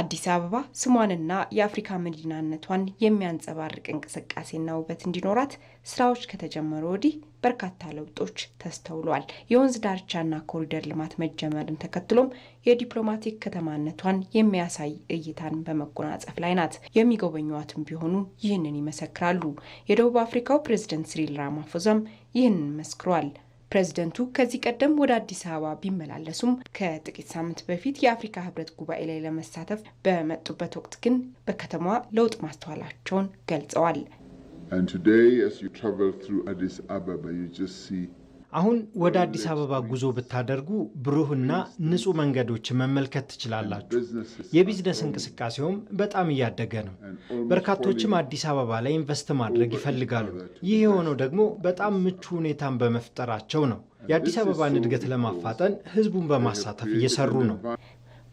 አዲስ አበባ ስሟንና የአፍሪካ መዲናነቷን የሚያንጸባርቅ እንቅስቃሴና ውበት እንዲኖራት ስራዎች ከተጀመሩ ወዲህ በርካታ ለውጦች ተስተውሏል። የወንዝ ዳርቻና ኮሪደር ልማት መጀመርን ተከትሎም የዲፕሎማቲክ ከተማነቷን የሚያሳይ እይታን በመጎናጸፍ ላይ ናት። የሚጎበኟትም ቢሆኑ ይህንን ይመሰክራሉ። የደቡብ አፍሪካው ፕሬዝደንት ሲሪል ራማፎዛም ይህንን መስክሯል። ፕሬዝደንቱ ከዚህ ቀደም ወደ አዲስ አበባ ቢመላለሱም ከጥቂት ሳምንት በፊት የአፍሪካ ህብረት ጉባኤ ላይ ለመሳተፍ በመጡበት ወቅት ግን በከተማዋ ለውጥ ማስተዋላቸውን ገልጸዋል። And today, as you travel through Addis Ababa, you just see አሁን ወደ አዲስ አበባ ጉዞ ብታደርጉ ብሩህና ንጹህ መንገዶችን መመልከት ትችላላችሁ። የቢዝነስ እንቅስቃሴውም በጣም እያደገ ነው። በርካቶችም አዲስ አበባ ላይ ኢንቨስት ማድረግ ይፈልጋሉ። ይህ የሆነው ደግሞ በጣም ምቹ ሁኔታን በመፍጠራቸው ነው። የአዲስ አበባን እድገት ለማፋጠን ህዝቡን በማሳተፍ እየሰሩ ነው።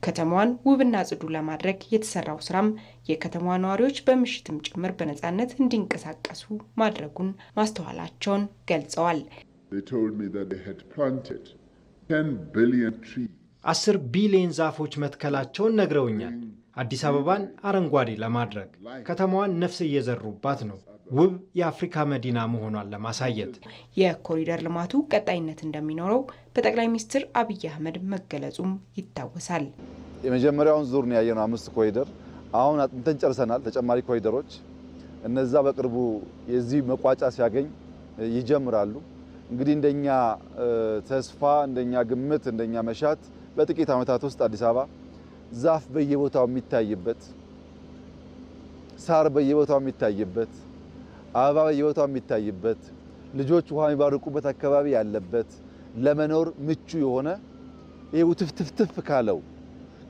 ከተማዋን ውብና ጽዱ ለማድረግ የተሰራው ስራም የከተማዋ ነዋሪዎች በምሽትም ጭምር በነፃነት እንዲንቀሳቀሱ ማድረጉን ማስተዋላቸውን ገልጸዋል። አስር ቢሊዮን ዛፎች መትከላቸውን ነግረውኛል። አዲስ አበባን አረንጓዴ ለማድረግ ከተማዋን ነፍስ እየዘሩባት ነው። ውብ የአፍሪካ መዲና መሆኗን ለማሳየት የኮሪደር ልማቱ ቀጣይነት እንደሚኖረው በጠቅላይ ሚኒስትር አብይ አህመድ መገለጹም ይታወሳል። የመጀመሪያውን ዙር ነው ያየነው፣ አምስት ኮሪደር አሁን አጥንተን ጨርሰናል። ተጨማሪ ኮሪደሮች እነዛ በቅርቡ የዚህ መቋጫ ሲያገኝ ይጀምራሉ። እንግዲህ እንደኛ ተስፋ እንደኛ ግምት እንደኛ መሻት በጥቂት ዓመታት ውስጥ አዲስ አበባ ዛፍ በየቦታው የሚታይበት፣ ሳር በየቦታው የሚታይበት፣ አበባ በየቦታው የሚታይበት፣ ልጆች ውሃ የሚባርቁበት አካባቢ ያለበት ለመኖር ምቹ የሆነ ይህ ውትፍትፍትፍ ካለው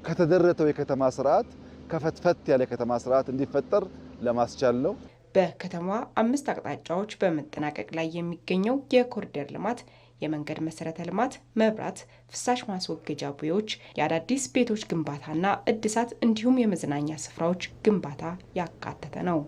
ከተደረተው የከተማ ስርዓት ከፈትፈት ያለ የከተማ ስርዓት እንዲፈጠር ለማስቻል ነው። በከተማዋ አምስት አቅጣጫዎች በመጠናቀቅ ላይ የሚገኘው የኮሪደር ልማት የመንገድ መሰረተ ልማት፣ መብራት፣ ፍሳሽ ማስወገጃ ቦዮች፣ የአዳዲስ ቤቶች ግንባታና እድሳት እንዲሁም የመዝናኛ ስፍራዎች ግንባታ ያካተተ ነው።